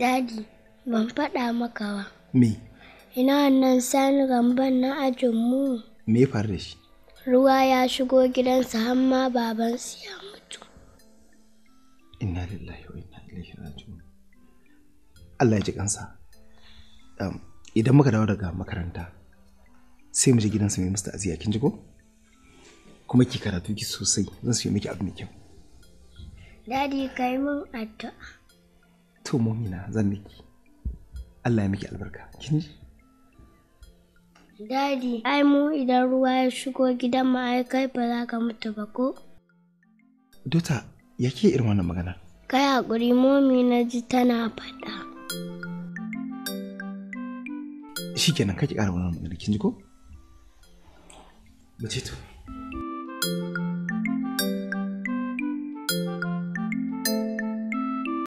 Dadi, ban faɗa maka ba. Me? Ina wannan sani gamban na ajinmu. Me faru da shi? Ruwa ya shigo gidansa har ma su ya mutu. Inna lillahi wa inna ilaihi raji'un. Allah ya ji kansa. idan muka dawo daga makaranta sai mu je gidansa mai musta aziya kin ji ko? Kuma ki karatu ki sosai zan yi miki abu mai kyau. Dadi kai mun addu'a. to momina zan miki Allah ya miki albarka kin ji Dadi, ai mu idan ruwa ya shigo gidan mu ai kai ba za ka mutu ba ko? Dota, ya ke irin wannan magana? Kai haƙuri momi na ji tana faɗa. Shi kenan kake ƙara wannan magana, kin ji ko? Mace to.